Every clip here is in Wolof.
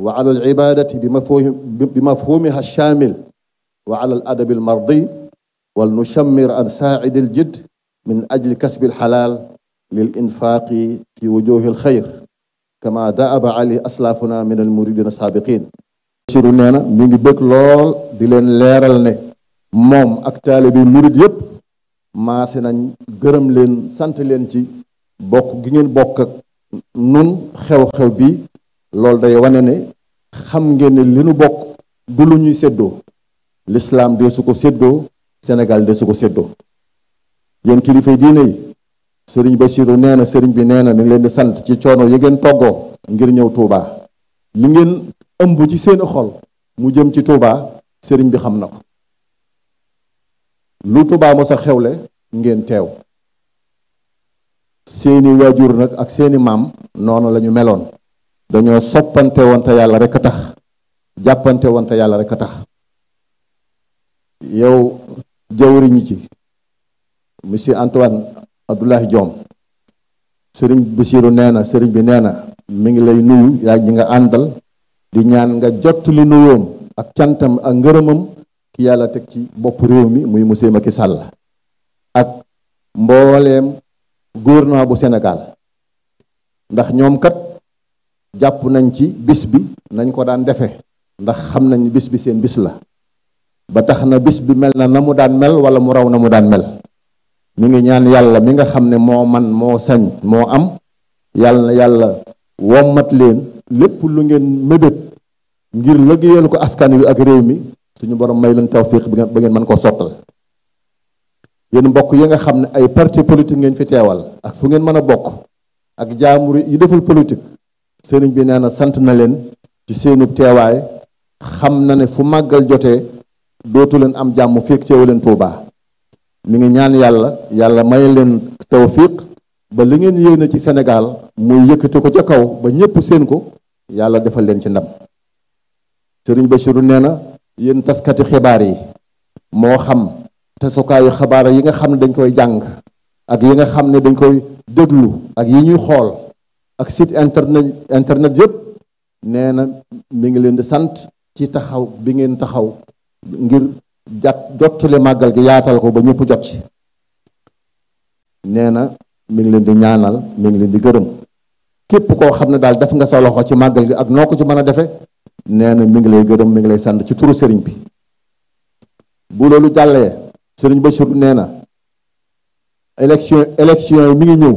وعلى العبادة بمفهومها الشامل وعلى الأدب المرضي ولنشمر عن ساعد الجد من أجل كسب الحلال للإنفاق في وجوه الخير كما دأب عليه أسلافنا من المريدين السابقين Bassirou nee بك لول ngi bëgg lool di leen leeral ne moom ak taalibe murit yépp maase nañ gërëm leen sant leen ci bokk loolu day wane ne xam ngeen ne li nu bokk du lu ñuy seddoo lislaam de su ko seddoo senegal de su ko séddoo yéen kilifa diine yi sëriñ Bassirou nee na sëriñ bi nee na mi ngi leen di sant ci coono yi ngeen toggoo ngir ñëw Touba li ngeen ëmb ci seeni xol mu jëm ci Touba sëriñ bi xam na ko lu Touba mos xewle ngeen teew seeni waajur nag ak seeni maam noonu lañu meloon dañoo soppante won ta yalla rek tax jappante won ta yalla rek tax yow ñi ci monsieur Antoine abdullah diom serigne Basiru neena serigne bi neena mi ngi lay nuyu ya gi nga andal di ñaan nga jot li nuyoom ak cantam ak ngeureumam ki yalla tek ci bop rew mi muy monsieur Macky Sall ak mbooleem gouvernement bu senegal ndax ñom kat japp nañ ci bis bi nañ ko daan defe ndax xam nañ bis bi seen bis la ba tax na bis bi mel na na mu daan mel wala mu raw na mu daan mel mi ngi ñaan yàlla mi nga xam ne moo man moo sañ moo am yàlla na yàlla wommat leen lépp lu ngeen mébét ngir lëggéeyal ko askan wi ak réew mi suñu borom may leen tawfiq bi ba ngeen man koo sottal yéen mbokk yi nga xam ne ay parti politique ngeen fi teewal ak fu ngeen mën bokk ak jaamuri yi deful politique sëriñ bi nee na sant na leen ci seenu teewaay xam na ne fu màggal jotee dootu leen am jàmm fekk teewu leen Tuubaa mi ngi ñaan yàlla yàlla may leen tawfiq ba li ngeen yéene ci Sénégal muy yëkkati ko ca kaw ba ñépp seen ko yàlla defal leen ci ndam sëriñ Bachiru nee na yéen taskati xibaar yi moo xam tasukaayu xabaar yi nga xam ne dañ koy jàng ak yi nga xam ne dañ koy déglu ak yi ñuy xool ak site internet internet yépp nee na mi ngi leen di sant ci taxaw bi ngeen taxaw ngir jàpp jottale màggal gi yaatal ko ba ñëpp jot ci nee na mi ngi leen di ñaanal mi ngi leen di gërëm képp koo xam ne daal def nga sa loxo ci màggal gi ak noo ko ci mën a defe nee na mi ngi lay gërëm mi ngi lay sant ci turu sëriñ bi bu loolu jàllee sëriñ Bachir nee na élection élection yi mi ngi ñëw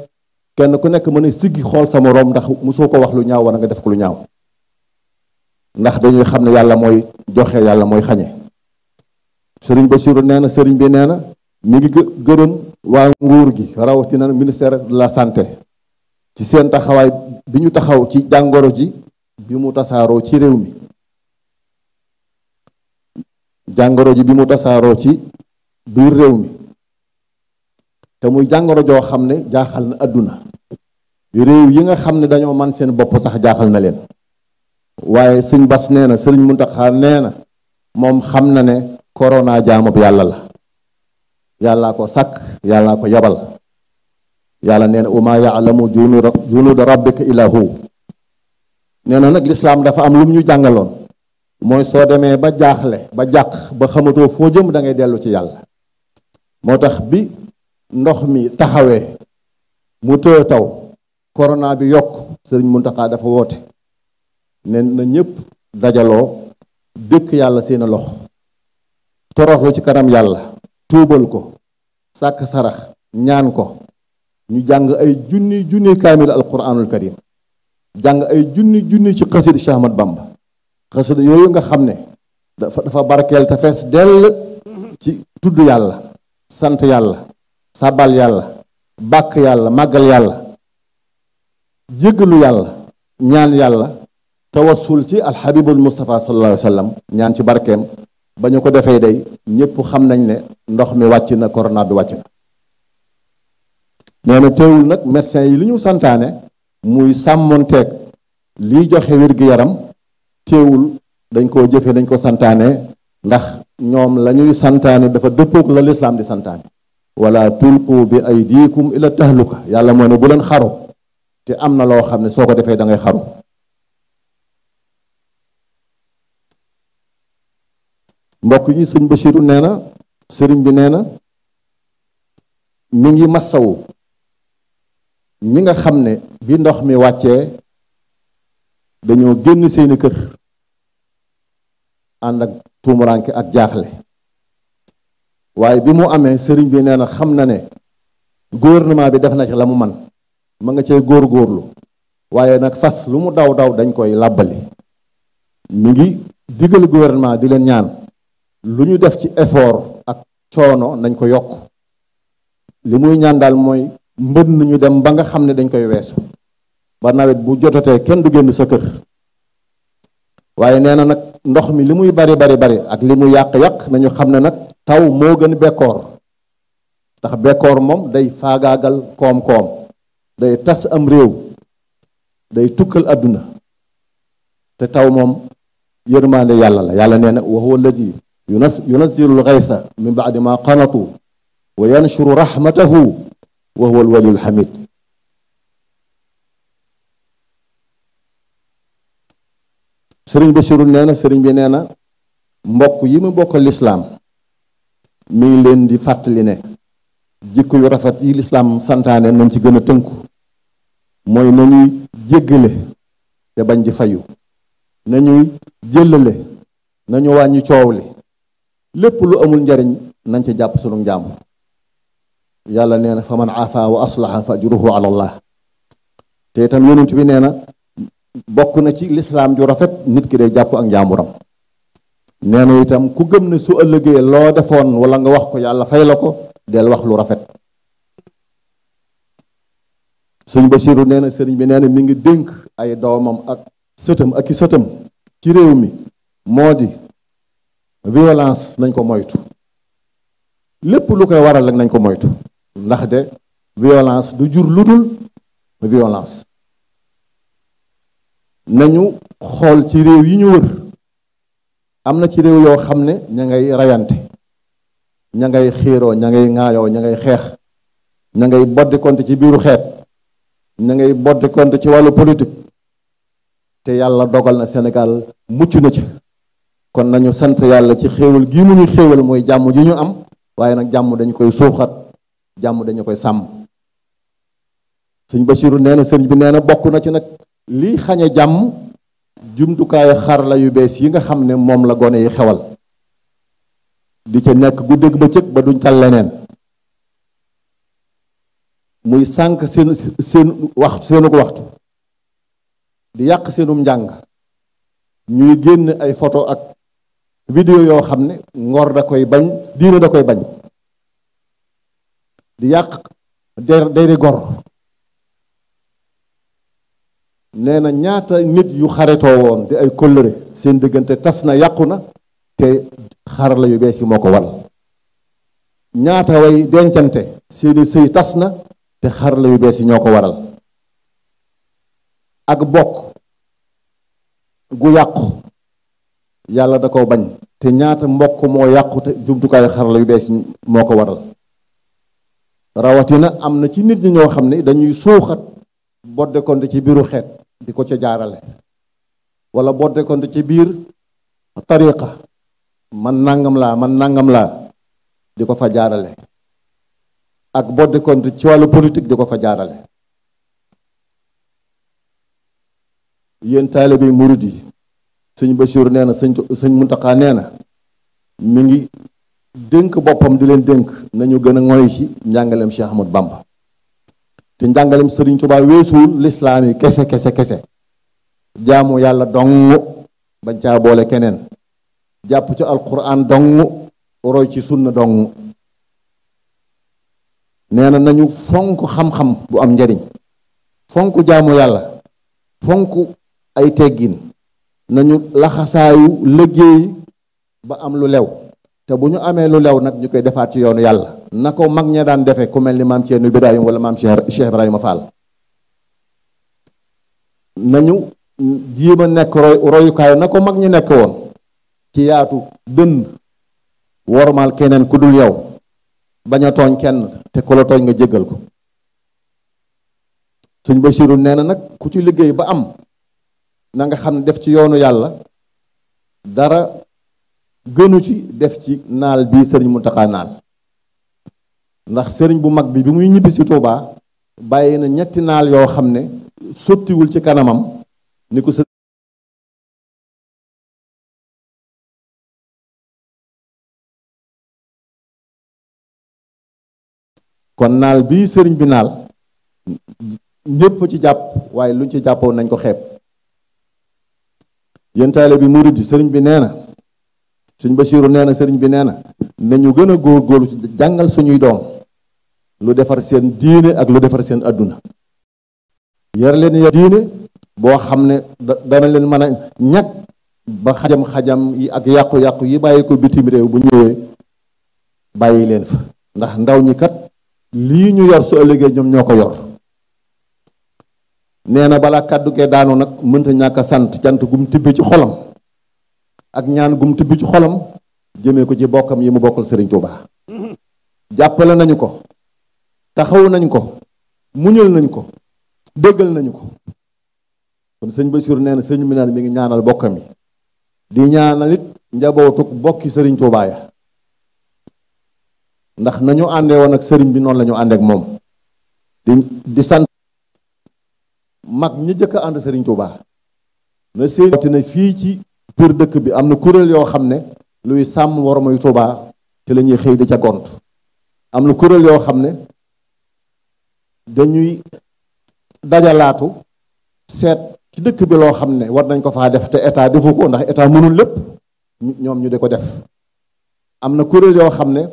kenn ku nekk mën a siggi xool sa moroom ndax mosoo ko wax lu ñaaw wala nga def ko lu ñaaw ndax dañuy xam ne yàlla mooy joxe yàlla mooy xañe sëriñ ba Bassirou nee na sëriñ bi nee na mi ngi gërëm waa nguur gi rawatina ministère de la santé ci seen taxawaay bi ñu taxaw ci jàngoro ji bi mu tasaaroo ci réew mi jàngoro ji bi mu tasaaroo ci biir réew mi te muy jangoro jo xamne jaaxal na aduna rew yi nga xamne ne man seen bop sax jaaxal na len waye seigne bas neena seigne sëriñ neena mom xamna ne corona jaamub yalla la yalla ko sak yalla ko yabal yalla neena uma ya'lamu junud rabbika ilahu neena nak l'islam dafa am lum ñu jàngaloon mooy soo demee ba jaxle ba jax ba xamato fo jëm da ngay delu ci yalla motax bi ndox mi taxawé mu tëye taw corona bi yok sëriñ muntaka dafa woote ne na ñepp dajalo dekk yalla seen lox toroxlu ci karam yalla tuubal ko sak sarax ñaan ko ñu jang ay junni junni kamil alquranul karim jang ay junni junni ci qasid shahmat Bamba qasid yoyu nga xamne dafa dafa barkeel te ci tuddu yalla sante yalla sabal yàlla bàkk yàlla màggal yàlla jéggalu yàlla ñaan yàlla tawassul ci alxabibul mustafa sallallahu alayhi ñaan ci barkeem ba ñu ko defee day ñëpp xam nañ ne ndox mi wàcc na corona bi wàcc na nee na nag médecin yi li ñu santaane muy sàmmoonteek liy joxe wér-gi-yaram teewul dañ koo jëfe dañ ko santaane ndax ñoom la ñuy santaane dafa dëppoog la lislaam di santaane ولا تلقوا بأيديكم إلى التهلكة يا الله مانو بولن خارو تي أمنا لو خامن سوكو دفاي داغي خارو مبوك ني سيرن بشير نينا سيرن بي نينا ميغي مساو ñinga xamne bi ndox mi wacce dañu genn seeni kër and ak tumuranke ak jaxlé waaye bi mu amee sëriñ bi nee na xam na ne gouvernement bi def na ci la mu man ma nga cee góor góorlu waaye nag fas lu mu daw daw dañ koy làbbali mu ngi digal gouvernement di leen ñaan lu ñu def ci effort ak coono nañ ko yokk li muy ñaan daal mooy mbën ñu dem ba nga xam ne dañ koy weesu ba nawet bu jotatee kenn du génn sa kër waaye nee na nag ndox mi li muy bari bari bari ak li mu yàq-yàq nañu xam ne nag taw moo gën bekkoor ndax bekkoor moom day faagaagal koom-koom day tas am réew day tukkal àdduna te taw moom yërmaande yàlla la yàlla nee na wa huwa alladi yunazilu lxaysa min baadi ma qanatu wa yanshuru rahmatahu wa huwa alwaliyu lxamid sëriñ Bachiru nee na sëriñ bi nee na mbokk yi mu bokkal lislaam mi leen di fàttali ne jikko yu rafet yi lislaam santaane nañ ci gën a tënku mooy nañuy jéggale te bañ di fayu nañuy jëlale nañu wàññi coow li lépp lu amul njariñ nañ ci jàpp sunu njàmbur yàlla nee na fa man afa wa aslaha fa ajruhu ala allah te itam yonent bi nee na bokk na ci lislaam ju rafet nit ki day jàpp ak njàmburam nee na itam ku gëm ne su ëllëgee loo defoon wala nga wax ko yàlla fay la ko del wax lu rafet sëñ Basiru nee na sëriñ bi nee na mi ngi dénk ay doomam ak sëtam ak i sëtam ci réew mi moo di violence nañ ko moytu lépp lu koy waral rek nañ ko moytu ndax de violence du jur lu dul violence nañu xool ci réew yi ñu wër am na ci réew yoo xam ne ña ngay rayante ña ngay xiiroo ña ngay ŋaayoo ña ngay xeex ña ngay boddi konte ci biiru xeet ña ngay boddi konte ci wàllu politique te yàlla dogal na Sénégal mucc na ci kon nañu sant yàlla ci xéewal gii mu ñu xéewal mooy jàmm ji ñu am waaye nag jàmm dañu koy suuxat jàmm dañu koy sàmm suñ Basiru nee sëriñ bi nee bokk na ci nag lii xañe jàmm jumtukaayu xarala yu bees yi nga xam ne moom la gone yi xewal di ca nekk gu dégg ba cëg ba duñ tal leneen muy sànq seen seenu ko waxtu di yàq seenum njàng ñuy génn ay photo ak vidéo yoo xam ne ngor da koy bañ diina da koy bañ di yàq der deri gor nee na ñaata nit yu xaretoo woon di ay kóllëre seen diggante tas na yàqu na te xarala yu bees yi moo ko wal ñaata dencante seeni sëy tas na te xarala yu bees yi ñoo ko waral ak bokk gu yàqu yàlla da ko bañ te ñaata mbokk moo yàqu te jumtukaayu xarala yu bees moo ko waral rawatina am na ci nit ñi ñoo xam ne dañuy suuxat boddekonte ci biiru xeet di ko ca jaarale wala bodde kont ci bir tariqa man nangam laa man nangam laa di ko fa jaarale ak bodde kont ci walu politique di ko fa jaarale yeen talibi mouride seigne bassir neena seigne na muntaka neena na mi ngi denk bopam di len denk nañu gëna ngoy ci njangalem Cheikh Ahmad Bamba te njàngalem Serigne Touba weesuwul lislaam yi kese kese kese jaamu yàlla dong bañ caa keneen jàpp ci alquran dong roy ci sunna dong nee nañu fonk xam-xam bu am njariñ fonk jaamu yàlla fonk ay teggin nañu laxasaayu liggéey ba am lu lew te bu ñu amee lu lew nag ñu koy defaat ci yoonu yàlla na ko mag ña daan defee ku mel ni maam Thierno Birahim wala maam Cheikh Ibrahima Fall nañu jéem a nekk roy royukaay na ko mag ñi nekk woon ci yaatu dënn wormaal keneen ku dul yow bañ a tooñ kenn te ku tooñ nga jéggal ko suñ Basiru nee na nag ku ci liggéey ba am na nga xam ne def ci yoonu yàlla dara gënu ci def ci naal bi sëriñ Mountakha naal ndax sëriñ bu mag bi bi muy ñibbi si bàyyi na ñetti naal yoo xam ne sottiwul ci kanamam ni ko kon naal bi sëriñ bi naal ñépp ci jàpp waaye luñ ci jàppoo nañ ko xeeb yéen taale bi mu yi sëriñ bi nee na sëñ Bachirou nee na sëriñ bi nee nañu gëna a góorgóorlu ci jàngal suñuy doom lu defar seen diine ak lu defar seen aduna yar leen ya diine bo xam da na leen mëna ñak ba xajam-xajam yi ak yaqku yaqku yi bàyyi ko bitim réew bu ñëwee bàyyi leen fa ndax ndaw ñi kat li ñu yor su ëllëgee ñom ñoko yor nee bala kaddu ke daanu nak mënta ñaka sant jant gum tibbi ci xolam ak ñaan gum bi ci xolam jëmee ko ci bokkam yi mu bokkal Serigne Touba jàppale nañu ko taxaw nañ ko muñal nañ ko déggal nañu ko kon sëñ Bassirou nee na sëñ bi naan mi ngi ñaanal bokkam yi di ñaanal it njabootuk bokki Serigne Touba ya ndax nañu àndee woon ak sëriñ bi noonu la àndeek moom di di sant mag ñi jëkk ànd sëriñ Touba na séenati na fii ci biir dëkk bi am na kuréel yoo xam ne luy sàmm warmay Tuubaa ci la ñuy xëy di ca gont am na kuréel yoo xam ne dañuy dajalaatu seet ci dëkk bi loo xam ne war nañ ko faa def te état defu ko ndax état mënul lépp ñoom ñu di ko def am na kuréel yoo xam ne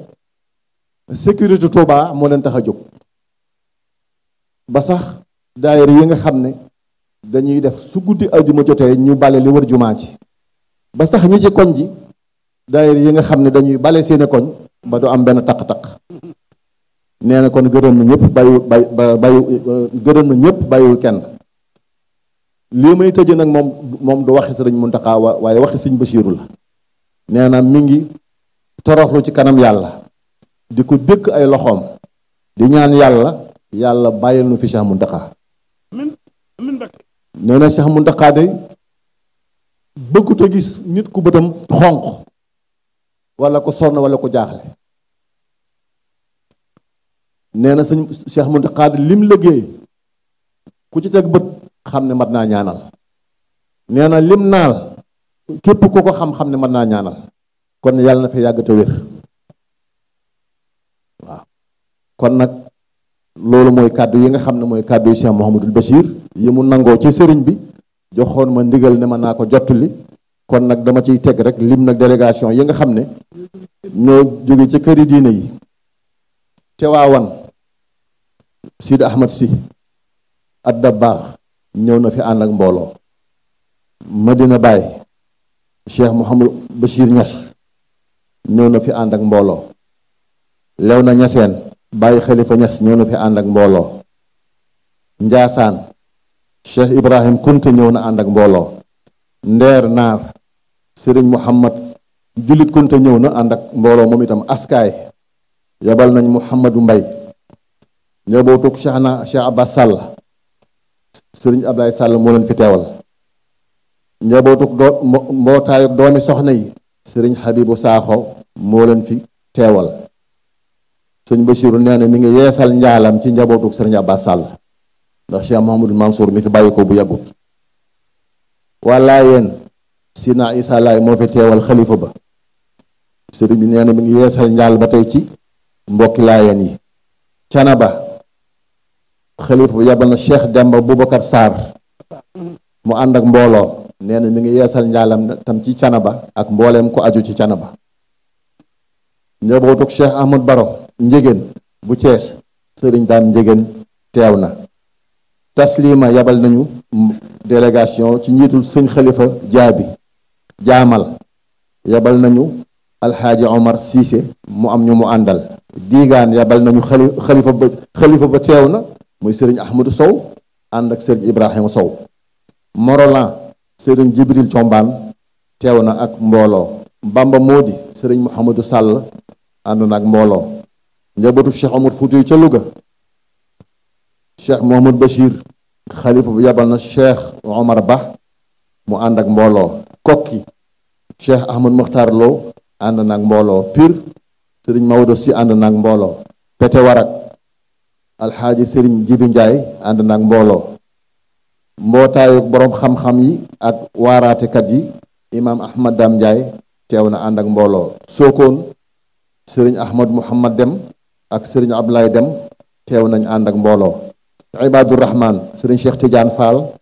sécurité Touba moo leen tax a jóg ba sax daayira yi nga xam ne dañuy def su guddi ajuma jotee ñu bale li wër jumaa ci ba sax ñi ci koñ ji daayir yi nga xam ne dañuy bale seen koñ ba du am benn takk-takk nee na kon gërëm na ñëpp bayu bayu bàyyi euh, gërëm na ñëpp bayu kenn lii may tëje nag moom moom du waxi sëriñ Muntaxa waaye waxi sëriñ Basiiru la nee na mi ngi toroxlu ci kanam yàlla di ko dëkk ay loxoom di ñaan yàlla yàlla bàyyil nu fi Cheikh Muntaxa nee na Cheikh Muntaxa day bëggut a gis nit ku bëtam xonq walla ko sonn wala ko jaaxle nee na sëñ Cheikh Muntaxa lim liggéey ku ci teg bët xam ne mat naa ñaanal nee na lim naal képp ku ko xam-xam ne mat naa ñaanal kon yàlla na fa yàgg wér kon nag loolu mooy kàddu yi nga xam ne mooy kàddu yu Cheikh Mouhamadul Bachir yi mu nangoo ci sëriñ bi joxoon ma ndigal ne ma nako jotuli kon nak dama ciy tegg rek lim nag delegation yi nga xamne ñoo ci keri diine yi sid Ahmad Si ad Dabaax ñew na fi and ak mbolo Madina Bay, Cheikh mohammed bashir Niass ñew na fi and ak mbolo lewna Niassène Baye Khalifa Niass ñew na fi and ak mbolo ndiasane Cheikh Ibrahim Kunte ñëw na ànd ak mbooloo ndeer naar sëriñ Muhammad Jullit Kunte ñëw na ànd ak mbooloo moom itam askaay yabal nañ Muhammadu Mbay njabootug Cheikh na Cheikh Abbas Sall sëriñ Ablaye sàll moo leen fi teewal njabootug doo mbootaayug doomi soxna yi sëriñ Habibu Saaxo moo leen fi teewal sëñ Bachiru nee na mi ngi yeesal njaalam ci njabootug sëriñ Abbas Sall ndax Cheikh Mahamadul Mansour mi fi bàyyi ko bu yàggut waa Laayeen Sina Isa Laay moo fi teewal xalifa ba sëriñ bi nee na mi ngi yeesal njaal ba tey ci mbokki Laayeen yi Canaba xalifa ba yabal na Cheikh Demba Boubacar Sarr mu ànd ak mbooloo nee na mi ngi yeesal njaalam tam ci Canaba ak mbooleem ko aju ci Canaba njabootuk Cheikh Ahmad Baro njëgéen bu Cees sëriñ daam njëgéen teew na taslima yabal nañu délégation ci njiitul sëñ xalifa jaabi jaamal yabal nañu alxaaji omar siise mu am ñu mu àndal diigaan yabal nañu xali xalifa ba xalifa ba teew na muy sëriñ ahmadu sow ànd ak sëriñ ibrahima sow morolan sëriñ jibril combaan teew na ak mbooloo bamba moodi sëriñ mouhamadou sàll ànd na ak mbooloo njabootu cheikh omar fuuti ca Louga cheikh Mohammed Bachir xalifa bu yabal na cheikh Omar Ba mu ànd ak mbooloo kokki cheikh Ahmed Mokhtar Lo ànd na mbooloo piir sëriñ Maodo si ànd na mbooloo Pete Warak alxaaji sëriñ Jibi Ndiaye ànd na mbooloo mbootaayu boroom xam-xam yi ak waaraatekat yi imaam Ahmad Dam Ndiaye teew na ànd ak mbooloo Sokone sëriñ Ahmad Mouhamad Dem ak sëriñ Ablaye Dem teew nañ ànd ak mbooloo Ibaadu Rahman Serigne Cheikh Tidiane Fall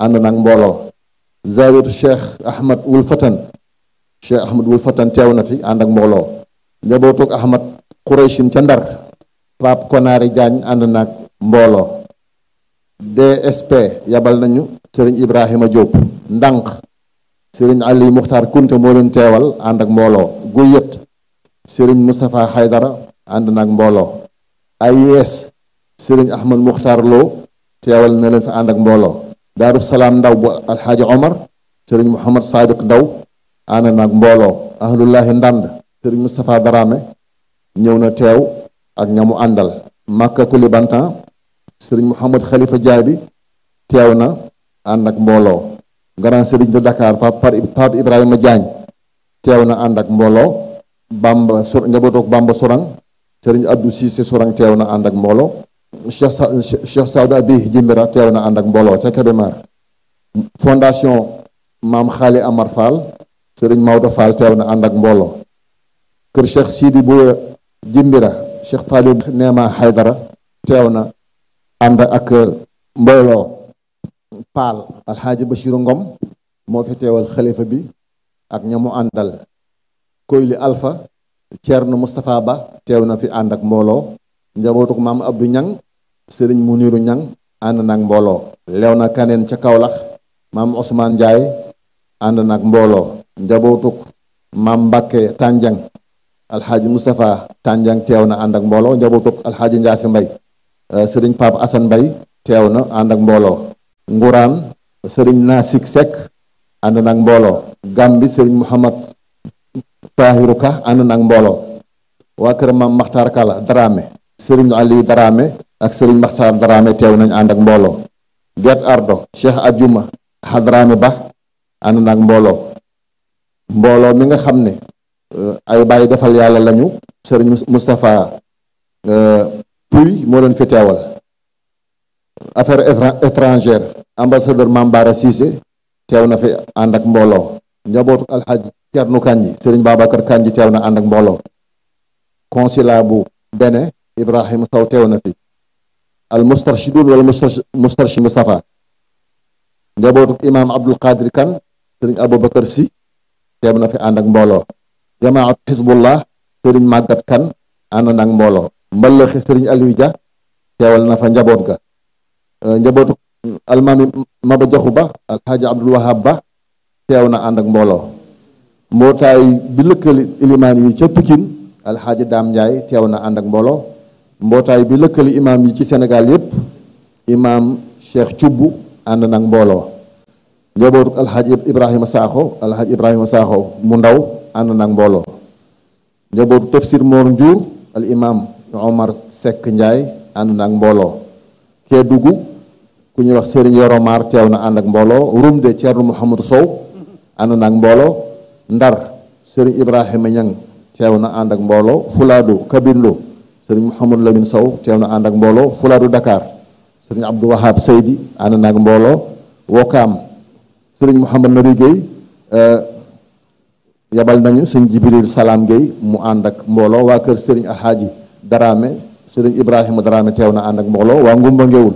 ànd nag mbooloo zawiru Cheikh Ahmad wul Fatan Cheikh Ahmad wul Fatan teew na fi ànd ak mbooloo njabootug Ahmad Qurayshin ca Ndar Pape Konaari Diagne ànd nag mbooloo DSP yabal nañu Serigne Ibrahima Diop ndànk Serigne Ali Muxtaar Kunte moo leen teewal ànd ak mbooloo Guyët Serigne Moustapha Haydara ànd nag mbooloo AIS sëriñ Ahmad Muxtaar Lo teewal na leen fa ànd ak mbooloo Daaru Salaam ndaw bu alxaaji Omar sëriñ Mouhamad Sadiq Ndaw ànd na ak mbooloo ahlullahi ndànd sëriñ Moustapha Darame ñëw na teew ak ñamu àndal Màkka Kulibantan sëriñ Mouhamad Khalifa Diaby teew na ànd ak mbooloo gara sëriñ de Dakar Pape Ibrahima Diagne teew na ànd ak mbooloo Bamba Sur njabootoog Bamba Surang sëriñ Abdou Cissé Surang teew na ànd ak mbooloo Cheikh Sa Cheikh Saouda teew na ànd ak mbooloo ca Kébémer fondation maam Xaali Amar Fall Serigne Maodo Fall teew na ànd ak mbooloo kër Cheikh Sidi Bouya Djimbira Cheikh Talib Neema Haydara teew na ànd ak mbooloo Paal Alxaaji Bachiru Ngom moo fi teewal xalifa bi ak ña mu àndal Koyli Alpha Thierno Moustapha Ba teew na fi ànd ak mbooloo njabootuk Mam Abdou Ñang serigne Muniru Ñang and nak mbolo lew kanen ca Kawlax mam Ousmane Njaay and nak mbolo njabootuk mam bakke tanjang alxaaji Moustapha Tànjang teew na ànd ak mbooloo njabootuk alxaaji ndiasse Mbay euh, serigne Pape Assane Mbay tewna na ak mbolo nguran serigne Nasik sek and nak mbolo Gambi serigne Muhammad tahiruka and nak mbolo wa kër mam makhtar Kala Dramé sëriñ Aliou Darame ak sëriñ Maxtaar Darame teew nañ ànd ak mbooloo Get Ardo Cheikh Adjuma Hadrame Ba ànd na ak mbooloo mbooloo mi nga xam ne euh, ay bàyyi defal yàlla lañu sëriñ Moustapha euh, Pouy moo leen fi teewal affaire étrangère ambassadeur Mambara Cissé teew na fi ànd ak mbooloo njabootu alxaaj Cernu Kanji sëriñ Babacar Kanji teew na ànd ak mbooloo consulat ibrahim saw teew na fi al mustarshidun wala mustarshid Mustafa njabootuk Imam abdul qadir kan Abu Bakar si teew na fi ànd ak mbooloo jamaat xisbullah sëriñ màggat kan ànd ak mbooloo mbalaxi sëriñ aliou dia teewal na fa njaboot ga eh, njabootuk almaami maba jaxu ba abdul wahab ba na ànd ak mbooloo mbootaay bi lëkkali ilimaan yi ca pikin alxaaji daam na ànd ak mbotay bi lekkal imam yi ci senegal yep imam Cheikh nak mbolo nag al njabootuk ibrahim saxo al alxaaj ibrahim saxo mu ndaw and nak mbolo njabootuk tafsir Mor Ndiour al Imam Omar njay and nak mbolo ke Kédougou ku ñu wax Serigne Yoro Mar teew na ànd mbolo rum Rumde Thierno mohammed Sow and nak mbolo Ndar Serigne Ibrahim nyang teew na ànd ak mbolo Fuladu Kabindo. Sering Muhammad Lamine Sow anak and ak mbolo Dakar serigne Abdou Wahab Seydi and nak mbolo wokam serigne mohamed nari Nari euh yabal nañu serigne Jibril salam Gueye mu and ak mbolo wa keur serigne alhaji darame serigne ibrahim Daraame teew and ak mbolo wa Ngumba Ngewul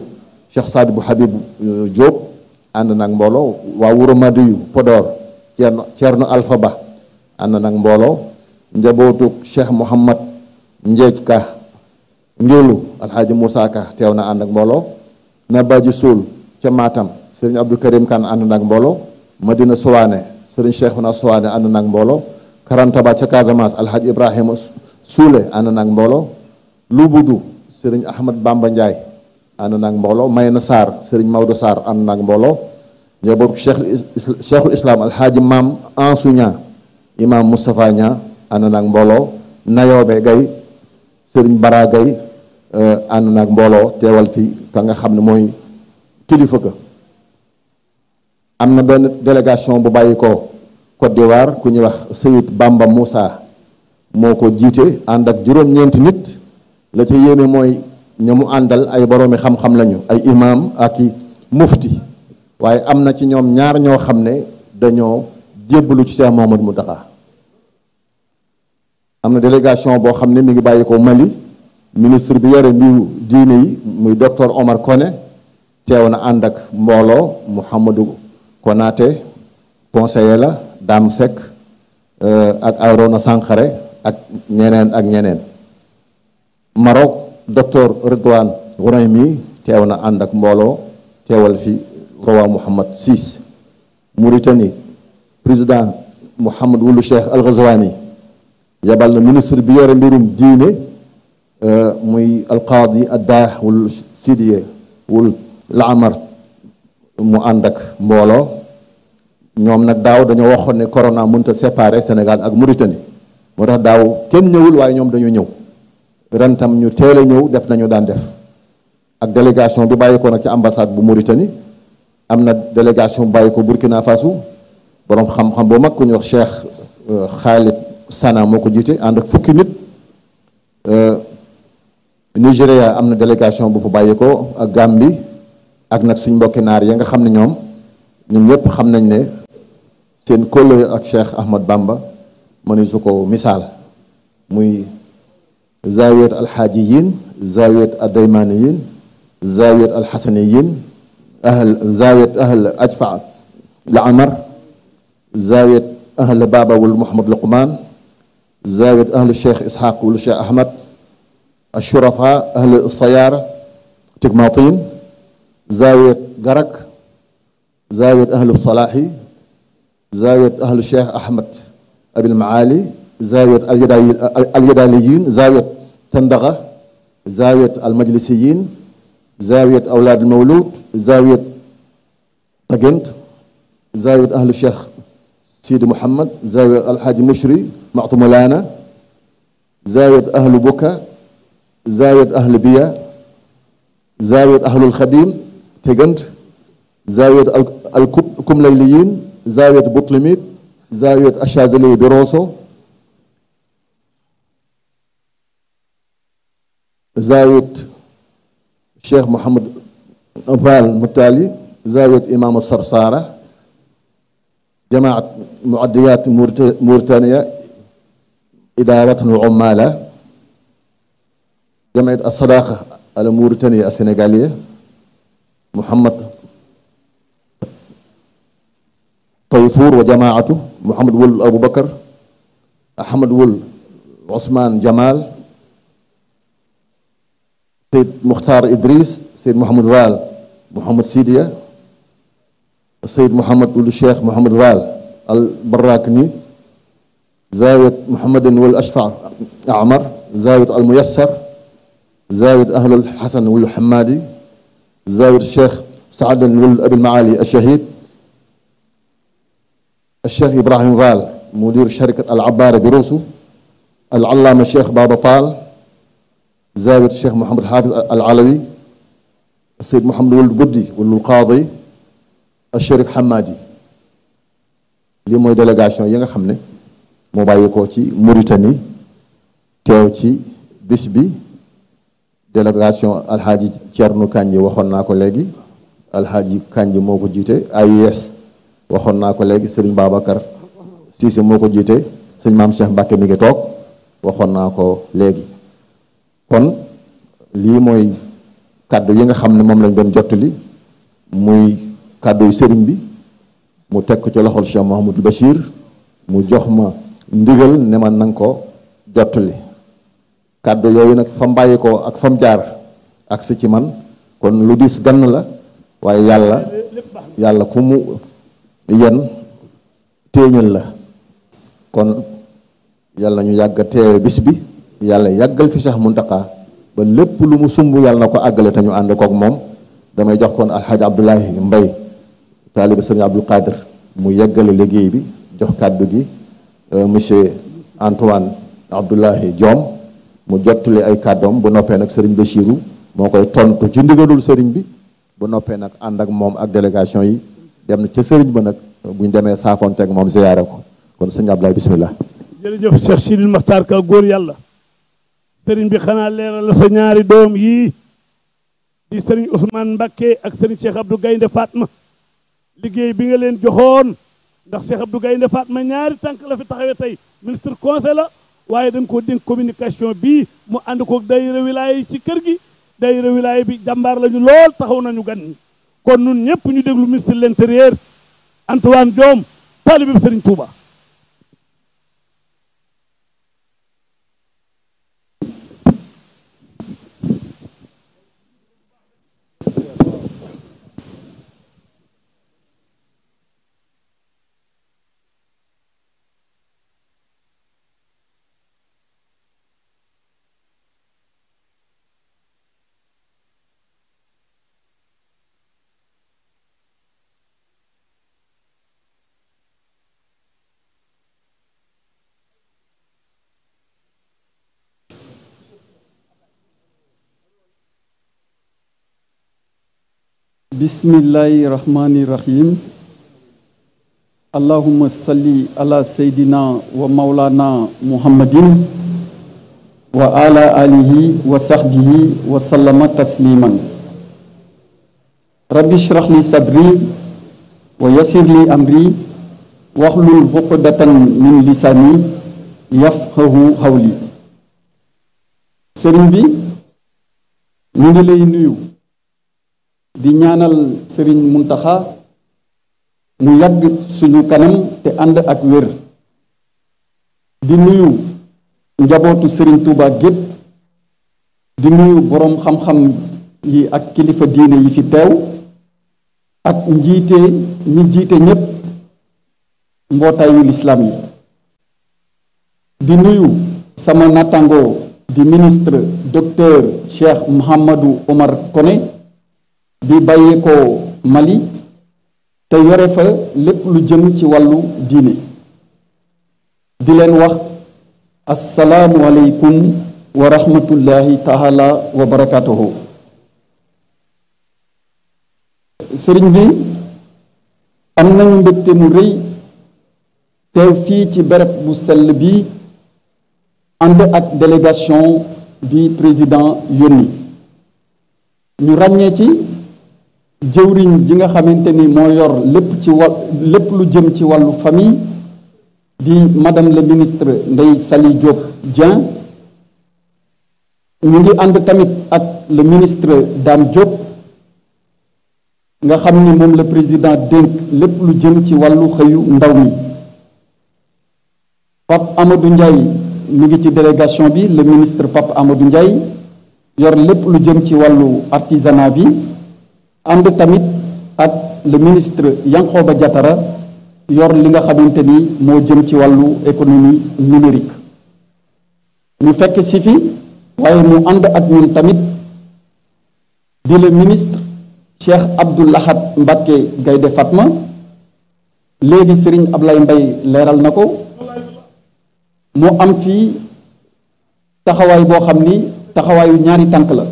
Cheikh Habib euh, Diop and nak mbolo wa Wuro Madiyu Podor Ceerno Ceerno Alpha Ba and nak mbolo njabotuk Cheikh mohamed Ndiolu alxaaji Moussa Ka teew na ànd ak mbooloo Nabaji Suul ca Matam sëriñ Abdou Karim Kane ànd na ak mbooloo Madina Sowaane sëriñ Cheikhouna Sowaane ànd na ak mbooloo Karantaba ca Casamance alxaaji Ibrahima Suule ànd na ak mbooloo Lubudu sëriñ Ahmad Bamba Ndiaye ànd na ak mbooloo Mayna Sarr sëriñ Maodo Sarr ànd na ak mbooloo njabootu Cheikh Cheikhul Islam alxaaji Maam Ansu Ñaa imaam Moustapha Ñaa ànd na ak mbooloo Nayoobe Gay sëriñ Bara Gay Euh, ànd naag mbooloo teewal fi ka nga xam ne mooy kilifa ka am na benn délégation bu bàyyi ko Côte d'Ivoire ku ñuy wax Seyid Bamba Moussa moo ko jiite ànd ak juróom-ñeenti nit la ca yéeme mooy ña mu àndal ay boroomi xam-xam lañu ay imam ak i mufti waaye am na ci ñoom ñaar ñoo xam ne dañoo jébbalu ci Cheikh Mouhamadou Mountakha am na délégation boo xam ne mi ngi bàyyi ko Mali ministre bi yore mbiru diine yi muy docteur Omar Kone teew na ànd ak mbooloo mu Mouhamadou Konaté conseiller la daam Seck euh, ak Arona Sankhare ak ñeneen ak ñeneen Maroc docteur Redouane mi teew na ànd ak mbooloo teewal fi roi Mohammed VI Mauritanie président Mohammed Ould Cheikh Al Ghazouani yabal na ministre bi yore mbirum diine muy alqaadi addaax wul sidiye wul laamar mu ànd ak mbooloo ñoom nag daaw dañoo waxoon ne corona mënut a séparer Sénégal ak Mauritanie moo tax daaw kenn ñëwul waaye ñoom dañu ñëw ren tam ñu teel a ñëw def nañu daan def ak délégation bi bàyyi ko nag ci ambassade bu Mauritanie am na délégation bàyyi ko Burkina Faso borom xam-xam boo mag ku ñuy wax Cheikh Khalid Sana moo ko jiite ànd ak fukki nit. Nigéria am na délégation bu fa bàyyeekoo ak Gambie ak nag suñ mbokki naar ya nga xam ne ñoom ñoom ñëpp xam nañ ne seen kóllëre ak Cheikh Ahmad Bamba mënuñ su ko misaal muy zawiyat alxaajiyin zawiyat addaymaaniyin zawiyat alxasaniyin ahl zawiyat ahl ajfa la amar zawiyat ahl baba wul Mouhamad Luqman zawiyat ahl Cheikh Ishaq wul Cheikh Ahmad الشرفاء أهل السيارة تكماطين زاوية قرق زاوية أهل الصلاحي زاوية أهل الشيخ أحمد أبي المعالي زاوية اليداليين زاوية تندغة زاوية المجلسيين زاوية أولاد المولود زاوية طقنت زاوية أهل الشيخ سيدي محمد زاوية الحاج مشري معطي مولانا زاوية أهل بكا زاوية أهل بيا زاوية أهل الخديم تجند زاوية الكمليليين زاوية بطلميت زاوية اشازلي بروسو زاوية الشيخ محمد فال متالي زاوية إمام الصرصارة جماعة معديات موريتانيا إدارة العمالة جمعية الصداقة الموريتانية السنغالية محمد طيفور وجماعته محمد ول أبو بكر أحمد ول عثمان جمال سيد مختار إدريس سيد محمد وال محمد سيديا السيد محمد ول الشيخ محمد وال البراكني زايد محمد والأشفع أعمر زايد الميسر زايد أهل الحسن ولد حمادي زايد الشيخ سعد ولد أبي المعالي الشهيد الشيخ إبراهيم غال مدير شركة العبارة بروسو العلامة الشيخ بابا طال زايد الشيخ محمد حافظ العلوي السيد محمد ولد بدي ولد القاضي الشريف حمادي لي موي ديليغاسيون ييغا خامني مو ne moo bàyyi ko ci Mauritanie teew délégation alxaaji Thierno Kandji waxoon naa ko léegi alxaaji Kandji moo ko jiite AIS waxoon naa ko léegi sëriñ Babacar Cissé moo ko jiite sëñ maam Cheikh Mbacke mi ngi toog waxoon naa ko léegi kon lii mooy kàddu yi nga xam ne moom lañ doon jottali muy kàddu yu sëriñ bi mu teg ko ci loxol Cheikh Mouhamadou Bachir mu jox ma ndigal ne ma nanga ko jottali kàddu yooyu nak fam bàyyi ko ak fam jaar ak si ci man kon lu dis gan la waye yalla yalla ku mu yen teñul la kon yalla ñu yàgg bisbi, bis bi yalla yagal fi Cheikh musumbu ba lepp lu mu sumbu yalla na ko àggale te ñu ànd kook moom damay jox kon abdullah Mbay talib Abdul Qadir mu yagal liggey bi jox kaddu gi euh, monsieur Antoine abdullah Jom. mu jottali ay kàddoom bu noppee nag sëriñ Bachirou moo koy tontu ci ndigalul sëriñ bi bu noppee nag ànd ak moom ak délégation yi dem na ca sëriñ ba nag buñ demee saafonte ak moom ziyaara ko kon sëñ Ablaye bismillah jërëjëf Cheikh Sidil Maxtaar Ka góor yàlla sëriñ bi xanaa leeral la sa ñaari doom yii di sëriñ Ousmane Mbakke ak sëriñ Cheikh Abdou Gaynde Fatma liggéey bi nga leen joxoon ndax Cheikh Abdou Gaynde Fatma ñaari tànk la fi taxawee tey ministre conseil la waaye dañ ko dénk communication bii mu ànd ko daayira wilaaya yi ci kër gi daayira wilaaya bi jàmbaar lañu lool taxaw nañu gan ñi kon nun ñëpp ñu déglu ministre de l'intérieur Antoine Diome taalibe bi Serigne Touba بسم الله الرحمن الرحيم اللهم صل على سيدنا ومولانا محمد وعلى آله وصحبه وسلم تسليما رب اشرح لي صدري ويسر لي أمري واحلل عقدة من لساني يفقه قولي sëriñ بي ñu ngi lay di ñaanal sëriñ muntaha mu yàgg suñu kanam te anda ak wër di nuyu njabootu sëriñ touba gépp di nuyu borom xam-xam yi ak kilifa diine yi fi tew ak njité ñi jité mbotayu l'islam yi di nuyu sama natango di ministre docteur Cheikh Mouhamadou Omar Kone bi bàyyee ko Mali te yore fa lépp lu jëm ci wàllu diine di leen wax assalaamu aleykum wa rahmatullahi taala wa barakatuhu sëriñ bi am nañu mbégte mu rëy teew fii ci béréb bu sell bi ànd ak délégation bi président yónni ñu ràññee ci jëwriñ ji nga xamante ni moo yor lépp ci wàll lépp lu jëm ci wàllu famille di madame la ministre Ndeye Saly Diop Dieng ñu ngi ànd tamit ak le ministre Dame Diop nga xam ni moom la président dénk lépp lu jëm ci wàllu xëyu ndaw mi Pape Amadou Ndiaye mu ngi ci délégation bi le ministre Pape Amadou Ndiaye yor lépp lu jëm ci wàllu artisanat bi ànd tamit ak le ministre Yankhoba jatara yor li nga xamante ni moo jëm ci wàllu économie numérique ñu fekk si fi waaye mu ànd ak ñun tamit di le ministre Cheikh Abdou Lahad Mbacké Gaïndé Fatma léegi Serigne Ablaye Mbaye leeral na ko mu am fii taxawaay boo xam ni taxawaayu ñaari tànk la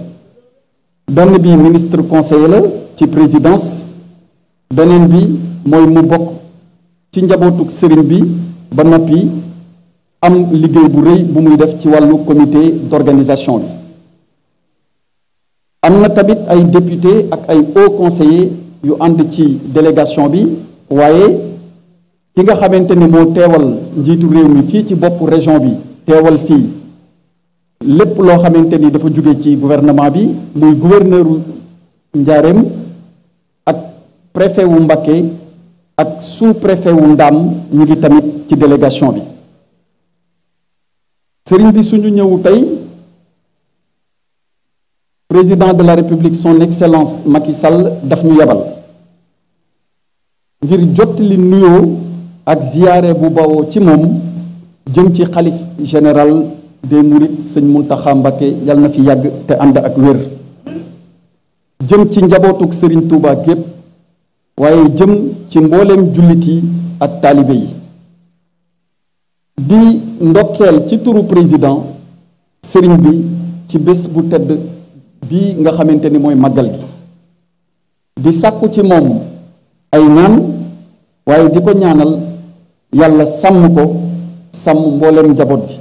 benn bi ministre conseiller la ci présidence benen bi moy mu bok ci njabotuk serigne bi ba nopi am liguey bu reuy bu muy def ci walu comité d'organisation bi am na ay député ak ay haut conseiller yu and ci délégation bi wayé ki nga xamante mo téwal njitu njiitu réew ci bop région bi téwal fi lépp loo xamante ni dafa jóge ci gouvernement bi muy gouverneur Njaareem ak préfet wu Mbakke ak sous préfet wu Ndaam ñu ngi tamit ci délégation bi sëriñ bi suñu ñëw tey président de la république son excellence Macky Sall daf ñu yebal ngir jottali nuyoo ak ziaré bu bawoo ci moom jëm ci xalif général de Mourides sëñ Muntaxa Mbàkke yal na fi yàgg te ànd ak wér jëm ci njabootuk sëriñ Touba gépp waaye jëm ci mbooleem jullit yi ak taalibe yi di ndokkeel ci turu président sëriñ bi ci bés bu tedd bi nga xamante ni mooy màggal gi di sàkku ci moom ay ñaan waaye di ko ñaanal yàlla sàmm ko sàmm mbooleem njaboot gi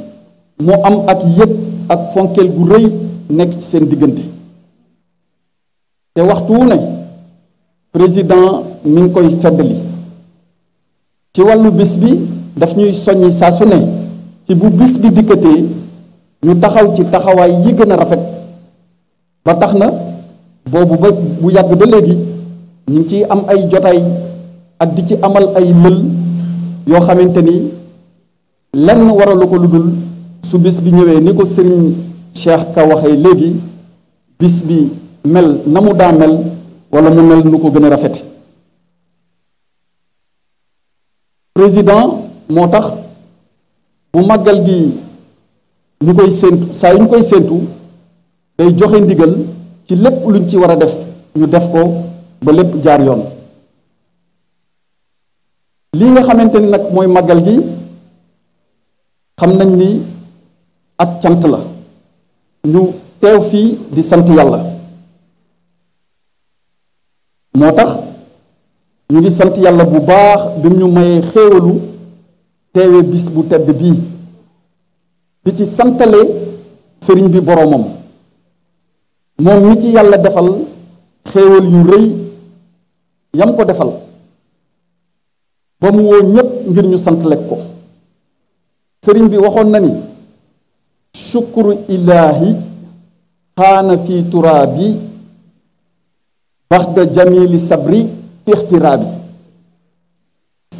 mu am ak yëg ak fonkeel gu rëy nekk ci seen diggante te waxtu wu ne président mi ngi koy feddali ci wàllu bis bi daf ñuy soññ saa su ne ci bu bis bi dikkatee ñu taxaw ci taxawaay yi gën a rafet ba tax na boobu ba bu yàgg ba léegi ñu ngi ciy am ay jotaay ak di ci amal ay lël yoo xamante ni lenn waralu ko lu dul su bis bi ñëwee ni ko sëriñ Cheikh Ka waxee léegi bis bi mel na mu daa mel wala mu mel nu ko gën a rafet président moo tax bu màggal gi ñu koy séentu saa yu ñu koy séentu day joxe ndigal ci lépp luñ ci war a def ñu def ko ba lépp jaar yoon lii nga xamante ni nag mooy màggal gi xam nañ ni ak cant la ñu teew fii di sant yàlla moo tax ñu ngi sant yàlla bu baax bi mu ñu mayee xéewalu teewee bis bu tedd bii di ci santale sëriñ bi boroomam moom mi ci yàlla defal xéewal yu rëy yam ko defal ba mu woo ñépp ngir ñu santale ko sëriñ bi waxoon na ni shukru ilaahi xaana fi turaabi baxda jamili sabri fi ixtiraabi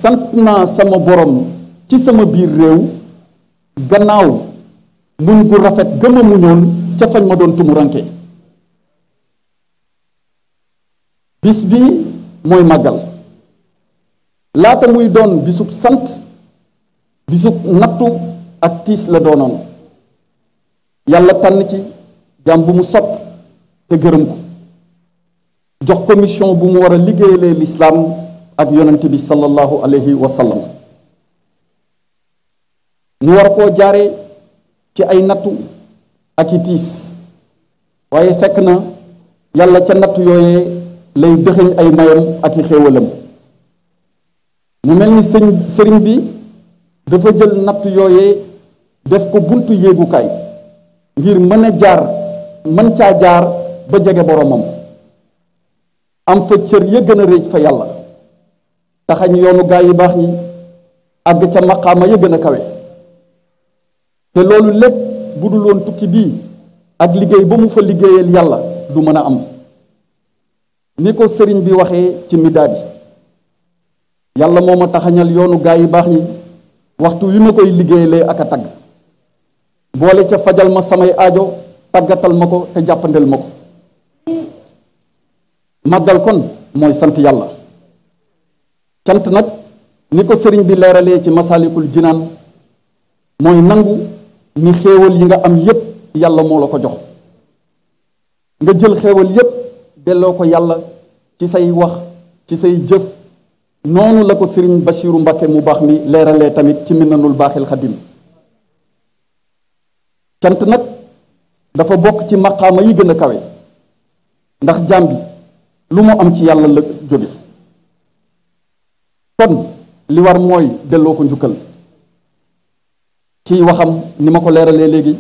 sant naa sama borom ci sama biir réew gannaaw muñ gu rafet gëma muñoon ca fañ ma doon tumuranke bis bi mooy màggal laata muy doon bisub sant bisub nattu ak tiis la doonoon yàlla tànn ci jàmm bu mu sopp te gërëm ko jox ko mission bu mu war a liggéeyalee lislaam ak yonent bi sallallahu alayhi wa sallam mu war koo jaare ci ay nattu ak i tiis waaye fekk na yàlla ca nattu yooyee lay dëxëñ ay mayam ak i xéewalam mu mel ni sëñ sëriñ bi dafa jël nattu yooyee def ko buntu yéegukaay ngir mën a jaar mën caa jaar ba jege boroomam am fa cër ya gën a rëy fa yàlla taxañ yoonu gaa yi baax ñi agg ca maqaama ya gën a kawe te loolu lépp bu dul woon tukki bii ak liggéey ba mu fa liggéeyal yàlla du mën a am ni ko sëriñ bi waxee ci middaadi yàlla moo a taxañal yoonu gaa yi baax ni waxtu wi ma koy liggéeyalee ak a boole ca fajal ma samay aajo tàggatal ma ko te jàppandel ma ko màggal kon mooy sant yàlla cant nag ni ko sëriñ bi leeralee ci masaalikul jinaan mooy nangu ni xéewal yi nga am yépp yàlla moo la ko jox nga jël xéewal yépp delloo ko yàlla ci say wax ci say jëf noonu la ko sëriñ Basiiru Mbàkke mu baax mi leeralee tamit ci Minanul Baaxil Xadim cant nag dafa bokk ci maqaama yi gën a kawe ndax jaam bi lu mu am ci yàlla la jóge kon li war mooy delloo ko njukkal ciy waxam ni ma ko leeralee léegi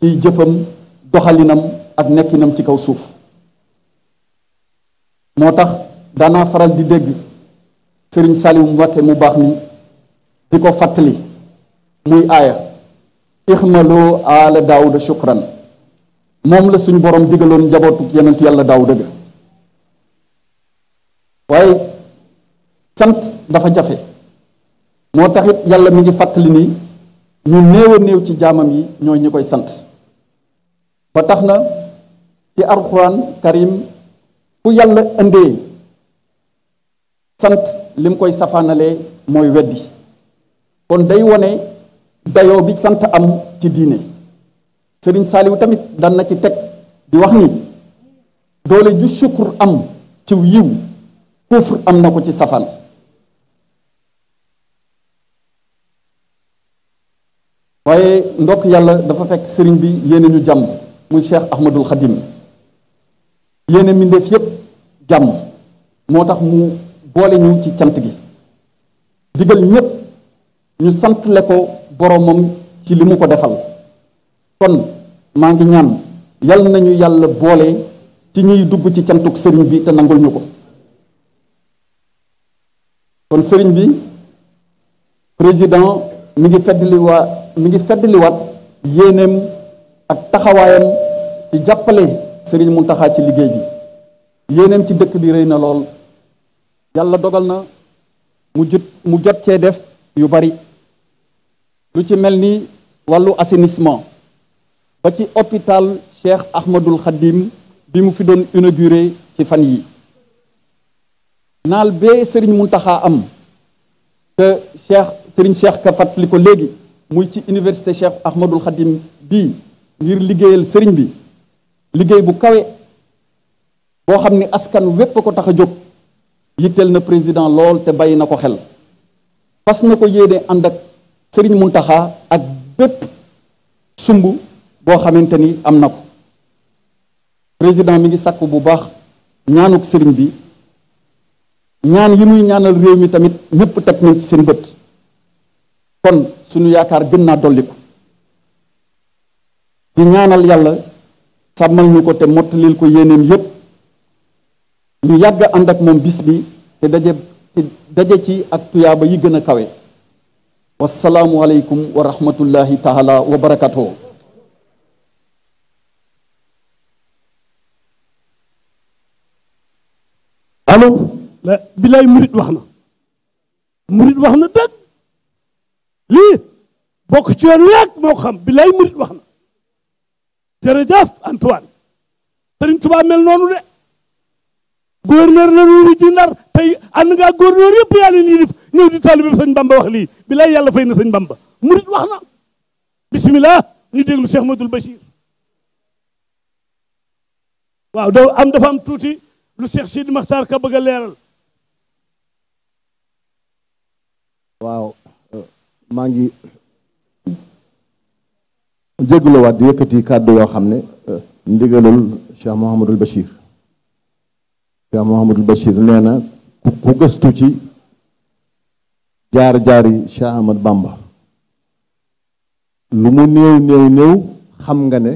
ciy jëfam doxalinam ak nekkinam ci kaw suuf moo tax daanaa faral di dégg sëriñ Saliou Mbacké mu baax mi di ko fàttali muy aaya ixmalu aala daawuda shukran moom la suñu boroom digaloon njabootu yenentu yàlla daawuda ga waaye sant dafa jafe moo taxit yàlla mi ngi fàttali nii ñu néew a néew ci jaamam yi ñoo ñi koy sant ba tax na ci alxuraan karim fu yàlla indee sant lim koy safaanalee mooy weddi kon day wone dayoo bi sant am ci diine sëriñ Saliou tamit dan na ci teg di wax ni doole ju sukkur am ci yiw kufur am na ko ci safaan waaye ndokk yàlla dafa fekk sëriñ bi yéene ñu jàmm muy Cheikh Ahmadul Khadim yéene mbindeef yépp jàmm moo tax mu boole ñu ci cant gi digal ñépp ñu santle ko boromam ci li mu ko defal kon maa ngi ñaan yal nañu yàlla boole ci ñuy dugg ci cantuk sëriñ bi te nangul ñu ko kon sëriñ bi président mi ngi feddliwaat mi ngi feddliwaat yéeneem ak taxawaayam ci jàppale sëriñ mu Muntaxa ci liggéey bi yéeneem ci dëkk bi rëy na lool yàlla dogal na mu jot mu jot cee def yu bari lu ci mel ni wàllu assainissement ba ci hôpital Cheikh Ahmadul Khadim bi mu fi doon inauguré ci fan yi naal bee Serigne Mountakha am te Cheikh sëriñ Cheikh ka fàttali ko léegi muy ci université Cheikh Ahmadul Khadim bii ngir liggéeyal Serigne bi liggéey bu kawe boo xam ni askan wépp a ko tax a jóg yitteel na président lool te bàyyi na ko xel fas na ko yéene ànd ak sëriñ Serigne Mountakha ak bépp sumb boo xamante ni am na ko président mi ngi sàkk bu baax ñaanuk sëriñ bi ñaan yi muy ñaanal réew mi tamit ñëpp teg nañ ci seen bët kon suñu yaakaar gën naa dolliku di ñaanal yàlla sàmmal ñu ko te mottalil ko yéeneem yépp ñu yàgg ànd ak moom bis bi te daje daje ci ak tuyaaba yi gën a kawe والسلام عليكم ورحمة الله تعالى وبركاته الو لا بلاي مريد وحنا مريد وحنا دك لي بوك تيون ياك مو خام بلاي مريد وحنا جرجاف انتوان سيرن توبا مل نونو دي غورنر لا نوري دينار تاي انغا غورنر يبيالي نيف ñëw di taalibe bi sëñ Bamba wax lii bilaay yàlla fay na sëñ Bamba murit wax na bisimilah ñu déglu Cheikh Madul Bachir waaw doo am dafa am tuuti lu Cheikh Sidi Maxtaar ka bëgg a leeral waaw maa ngi jégluwaat di yëkkati kàddu yoo xam ne ndigalul Cheikh Mouhamadul Bachir Cheikh Mouhamadul Bachir nee na ku gëstu ci jaar-jaari Cheikh bàmba Bamba lu mu néew néew néew xam nga ne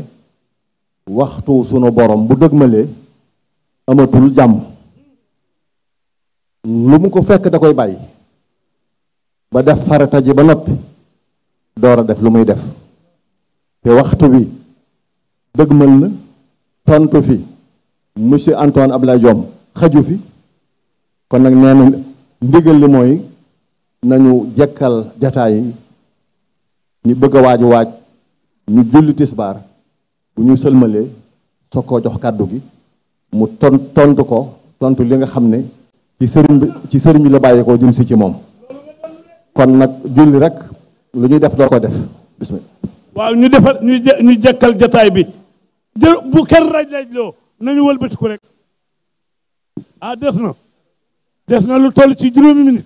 waxtu sunu boroom bu dëgmalee amatul jàmm lu mu ko fekk da koy bàyyi ba def farata ji ba noppi door a def lu muy def te waxtu wi dëgmal na tontu fi monsieur Antoine Abdoulaye Diome xaju fi kon nag nee ndigal li mooy nañu jekkal jataay ñu bëgg a waaju waaj ñu julli tisbaar bu ñu sëlmalee soo koo jox kàddu gi mu ton tontu ko tontu li nga xam ne ci sëriñ bi ci sëriñ la bàyyi koo jëm si ci moom kon nag julli rek lu ñuy def doo ko def bismillah waaw ñu defal ñu jekkal jataay bi jë bu kenn raj raj loo nañu wëlbatiku rek ah des na des na lu toll ci juróomi minute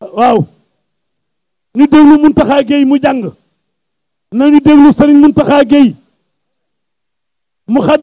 waaw ñu déglu Mountakha Gueye mu jàng nañu déglu Serigne Mountakha Gueye mu xat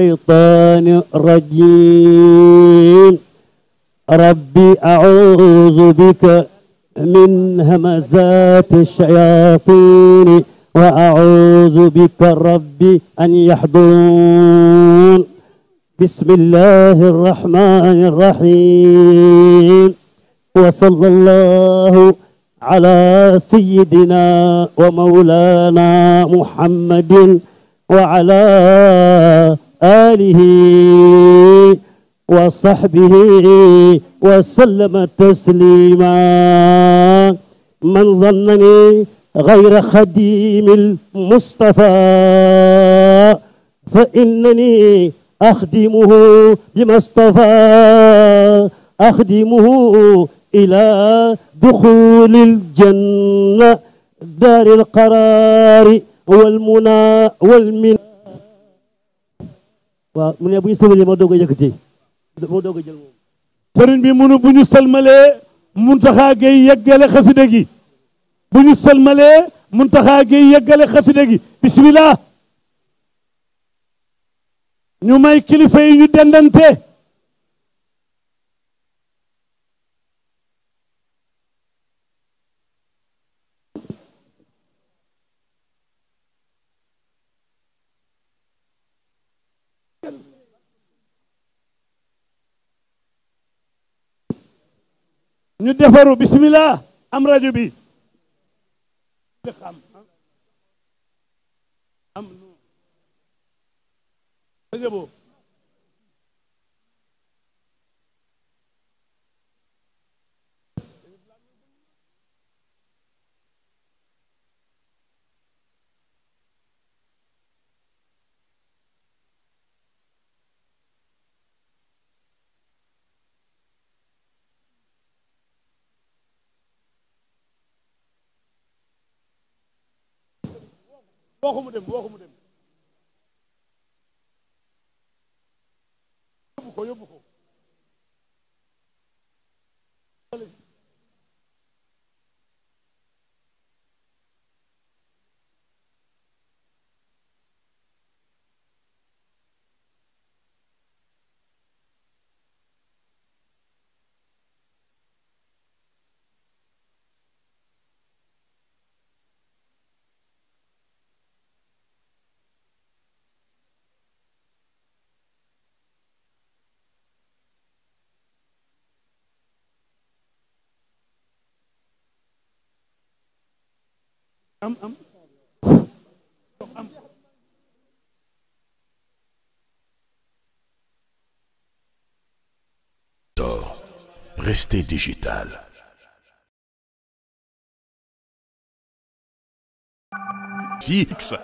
الشيطان الرجيم ربي أعوذ بك من همزات الشياطين وأعوذ بك ربي أن يحضرون بسم الله الرحمن الرحيم وصلى الله على سيدنا ومولانا محمد وعلى آله وصحبه وسلم تسليما من ظنني غير خديم المصطفى فإنني أخدمه بما اصطفى أخدمه إلى دخول الجنة دار القرار والمنى والمنى waaw mu ne bu ñu sëlmalee moo doog a yëkkati moo bi munu bu ñu sëlmalee muntaxaa gay yeggale xasida gi bu ñu sëlmalee muntaxaa gay yeggale xasida bismillah ñu may kilifa yi ñu dendante ñu defaru bismillah am rajo bi am waxuma dem waxuma dem yóbbu ko yóbbu ko am Restez digital. Six.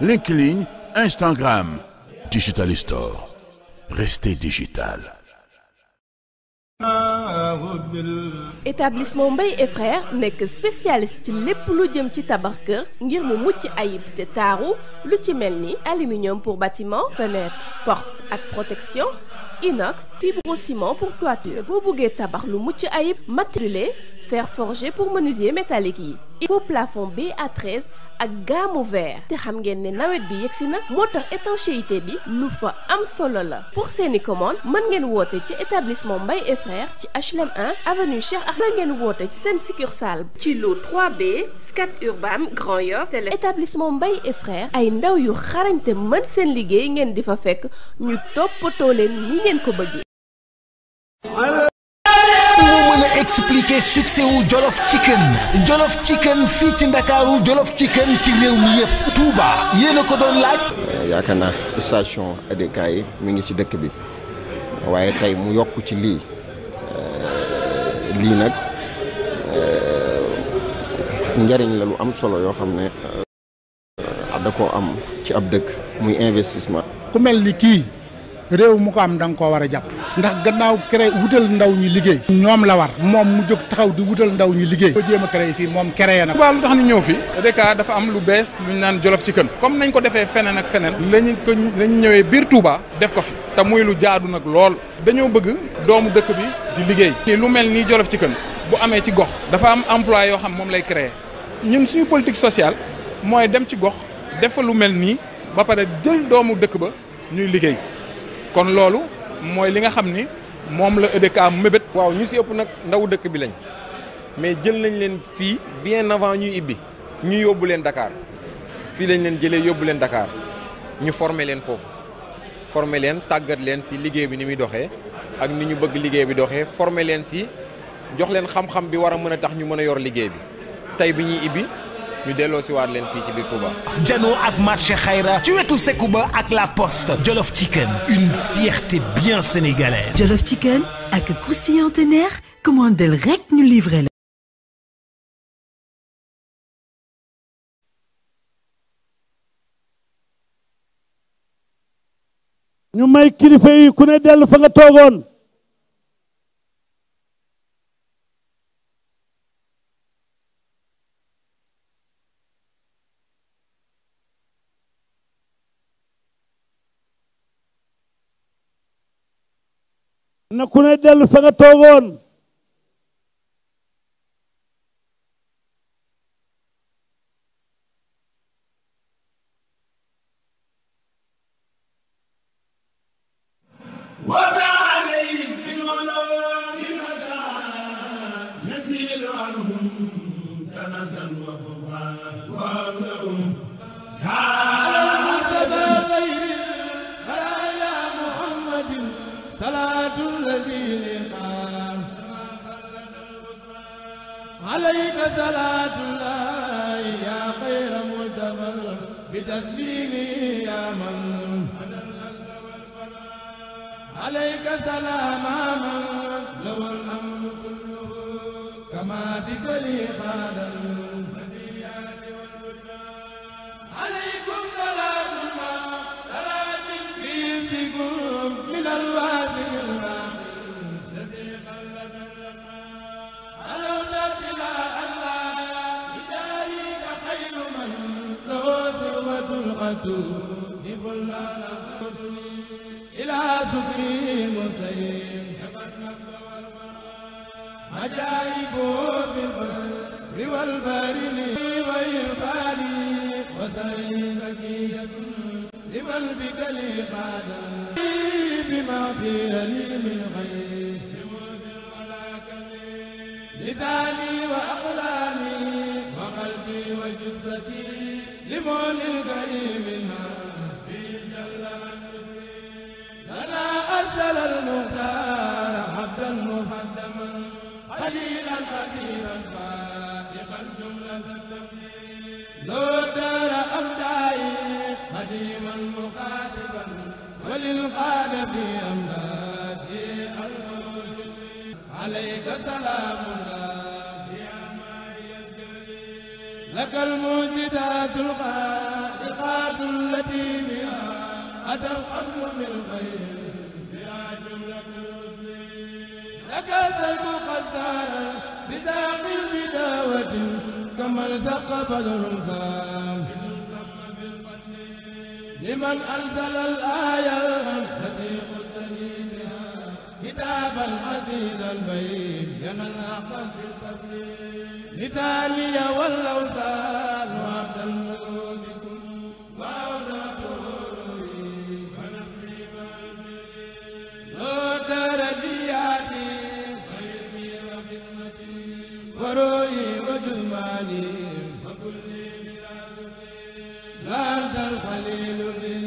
LinkedIn, Instagram. Digital Store. Restez digital établissement Mbaye et frères que spécialiste les lépp lu jëm ci tabax kër ngir mu mucc ayib te aluminium pour bâtiment fenêtre porte ak protection inox ciment pour toiture boubouge bëggee tabax lu mucc ayib fer forgé pour menuisier métallique Il pour plafond à 13 à gamme ouverte. te xam ngeen ne nawet bi yegsi na étanchéité bi lu fa am solo la pour seeni commande mën ngeen woté ci établissement Mbay et frères ci HLM 1 avenue Cheikh Ahmed ngeen woté ci sen succursale ci lot 3B Scat Urbane Grand Yoff établissement Mbay et frères ay ndaw yu xarañte mën sen liggéey ngeen di fa fekk ñu toppatoo leen ni ngeen ko expliquer succès Jolof Chicken Jolof Chicken fii ci Ndakaaru Jolof Chicken ci réew mi yëpp Touba yéen ko doon laaj. Eh, yaakaar naa station ADK yi mi ngi ci dëkk bi waaye tey mu yokk ci lii eh, lii nag eh, njariñ la lu am solo yoo xam ne da ko am ci ab dëkk muy investissement. ku mel ni kii. réew mu ko am da nga koo war a jàpp ndax gannaaw créé wutal ndaw ñu liggéey ñoom la war moom mu jóg taxaw di wutal ndaw ñu liggéey ko jéem a créé fii moom créé na Touba lu tax ñu ñëw fi Reka dafa am lu bees lu ñu naan jolof ci kën comme nañ ko defee feneen ak feneen lañu ko ñëwee biir Touba def ko fi te muy lu jaadu nag lool dañoo bëgg doomu dëkk bi di liggéey ci lu mel nii jolof ci kën bu amee ci gox dafa am emploi yoo xam moom lay créé ñun suñu politique sociale mooy dem ci gox def lu mel nii ba pare jël doomu dëkk ba ñuy liggéey kon loolu mooy li nga xam ni moom la EDK mébét. waaw ñu si ëpp nag ndaw dëkk bi lañ mais jël nañ leen fii bien avant ñuy ibbi ñu yóbbu leen Dakar fii lañ leen jëlee yóbbu leen Dakar ñu former leen foofu former leen tàggat leen si liggéey bi ni muy doxee ak ni ñu bëgg liggéey bi doxee former leen si jox leen xam-xam bi war a mën a tax ñu mën a yor liggéey bi tey bi ñuy ibbi. ñu delloo si waat leen fii ci biir Touba. janoo ak marché xayra ci wetu Sékouba ak la poste Jolof Chicken une fierté bien sénégalaise. Jolof Chicken ak croustillant commande-le, rek ñu livré le ñu may kilifa yi ku ne dellu fa nga toogoon. na ku ne dellu fa nga toogoon البريل ويفاني وثري زكية لمن لي خادم بما في لي من غير بموسر ولا وأقلامي وقلبي وجثتي لمول الكريم منها في جل لنا أرسل المختار عبدا مخدما خليلا خليلا لو دار أمدائي قديما مخاطبا وللقاد في أمدادي الخروج عليك سلام الله يا ماي الجليل لك الموجدات الخالقات التي بها أتى القبل من غير بها جملة الرسل لك سلك قدارا بذاق البداوة كما التقى بدر الفام لمن أنزل الآية التي قلت لي بها كتابا عزيزا بينا الحق بالفصل لثانية والأوثان وعبد الملوك وعبد وأولاد ونفسي ما لو رؤي وجمالي فقل لي أنت الخليل لي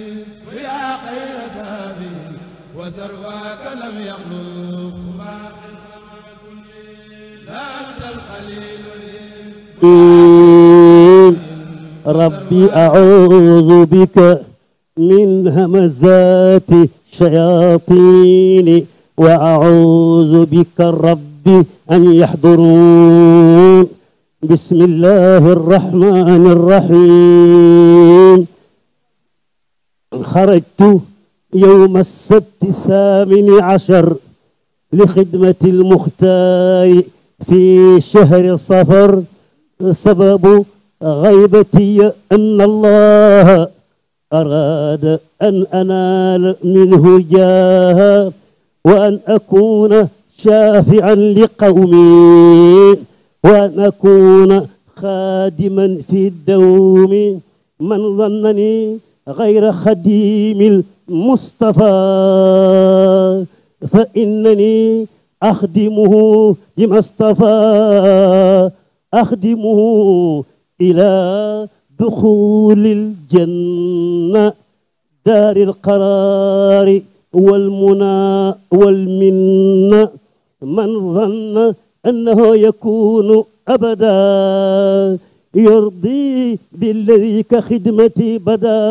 ويا خير ذهبي وثرواك لم يخلق أنت لي ربي أعوذ بك من همزات الشياطين وأعوذ بك رب أن يحضرون بسم الله الرحمن الرحيم خرجت يوم السبت الثامن عشر لخدمة المختار في شهر صفر سبب غيبتي أن الله أراد أن أنال منه جاه وأن أكون شافعا لقومي وأن أكون خادما في الدوم من ظنني غير خديم المصطفى فإنني أخدمه بما اصطفى أخدمه إلى دخول الجنة دار القرار والمنى والمنة من ظن أنه يكون أبدا يرضي بالذي كخدمتي بدا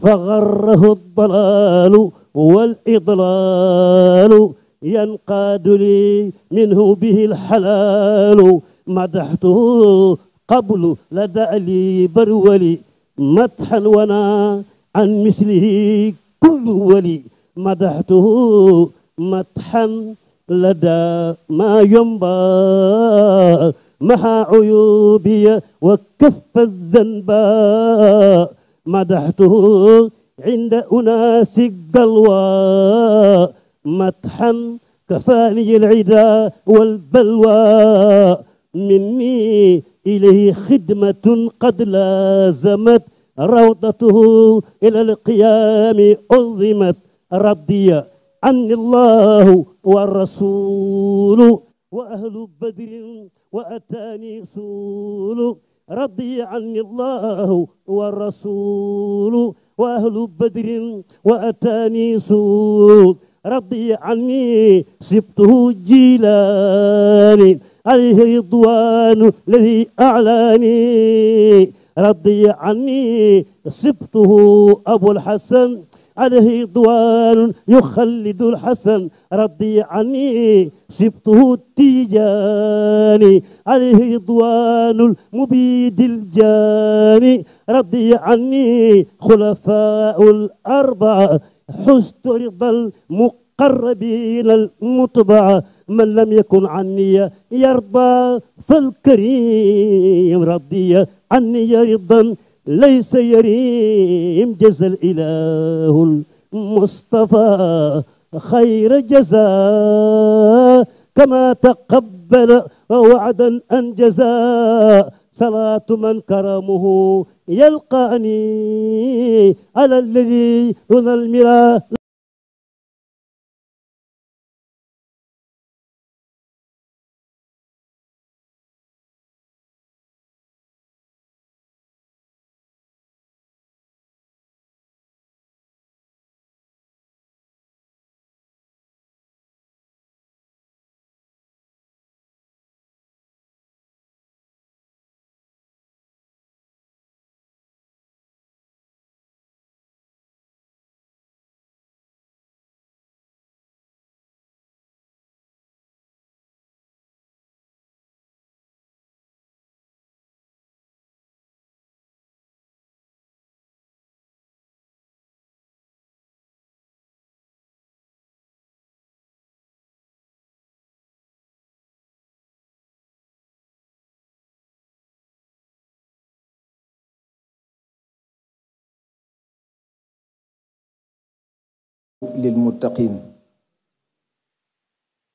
فغره الضلال والإضلال ينقاد لي منه به الحلال مدحته قبل لدى لي برولي مدحا ونا عن مثله كل ولي مدحته مدحا لدى ما ينبى محى عيوبي وكف الذنبا مدحته عند أناس الدلوى مدحا كفاني العدا والبلوى مني إليه خدمة قد لازمت روضته إلى القيام أنظمت رضيا عني الله والرسول وأهل بدر وأتاني سول رضي عني الله والرسول وأهل بدر وأتاني سول رضي عني سبته جيلاني عليه رضوان الذي أعلاني رضي عني سبته أبو الحسن عليه ضوال يخلد الحسن رضي عني سبته التيجاني عليه ضوال المبيد الجاني رضي عني خلفاء الأربعة حست رضا المقربين المطبع من لم يكن عني يرضى فالكريم رضي عني رضا ليس يريم جزى الإله المصطفى خير جزاء كما تقبل وعدا أنجزا صلاة من كرمه يلقاني على الذي ينلمرا للمتقين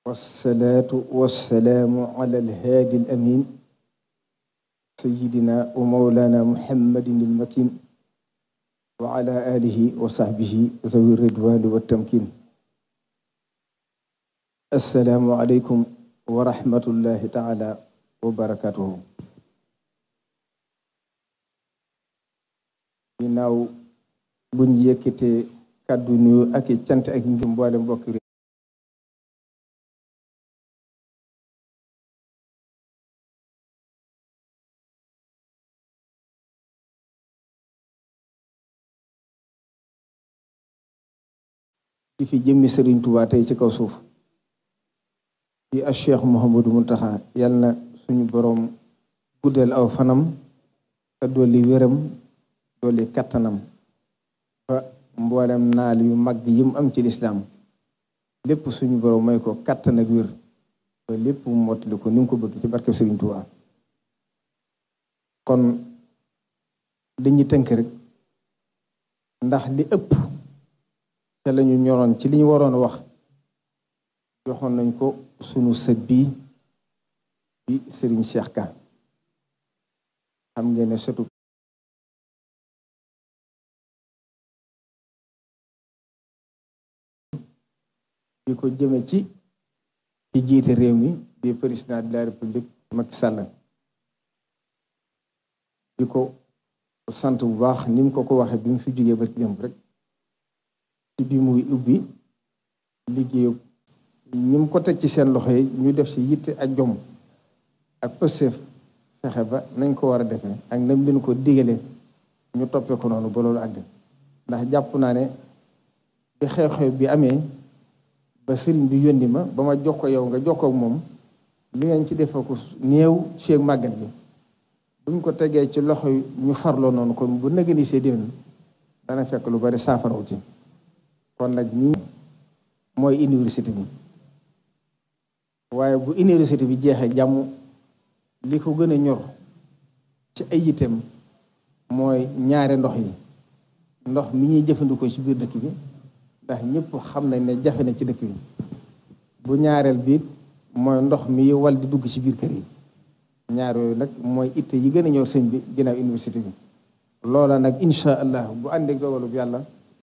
والصلاة والسلام على الهادي الأمين سيدنا ومولانا محمد المكين وعلى آله وصحبه ذوي الرضوان والتمكين السلام عليكم ورحمة الله تعالى وبركاته ginnaaw buñ yëkkatee kàddu nuyu ak i cant ak ngëm mboolem mbokk réew di fi jëmmi Serigne Touba ci kaw suuf di a Cheikh Mouhamadou Mountakha yàlla na suñu boroom guddal aw fanam te dolli wéram dolli kattanam ba mboolem naa yu mag yi mu am ci lislaam lépp suñu borom may ko kattan ak wér ba lépp mu mottali ko ni ko bëgg ci barkeb Sëriñ Tuubaa kon dañuy tënk rek ndax li ëpp te lañu ñoroon ci li ñu waroon wax joxoon nañ ko sunu sët bii di Sëriñ Cheikh Ka xam ngeen ne di ko jëme ci ci jiite réew mi di président de la république Macky Sall di ko sant bu baax ni mu ko ko waxee bi mu fi jógee barki bu rek ci bi muy ubbi liggéeyu ñi mu ko teg ci seen loxo yi ñu def ci yitte ak jom ak pësef fexe ba nañ ko war a defee ak nam leen ko digale ñu toppee noonu ba àgg ndax jàpp naa ne bi xew-xew bi amee ba sëriñ bi yónni ma ba ma jox ko yow nga jox ko moom li ngeen ci defa ko néew ceeg màggat gi buñ ko tegee ci loxo ñu farloo noonu kon bu nëgëni see déwén dana fekk lu bari saafaraw ci kon nag ñi mooy université bi waaye bu université bi jeexee jàmm li ko gën a ñor ci ay yitteem mooy ñaari ndox yi ndox mi ñuy jëfandikoo ci biir dëkk bi ndax ñëpp xam na ne jafe na ci dëkk bi bu ñaareel bi mooy ndox mi wal di dugg ci biir kër yi ñaar yooyu nag mooy itte yi gën a ñor sëñ bi ginnaaw université bi loola nag incha allah bu àndee bu yàlla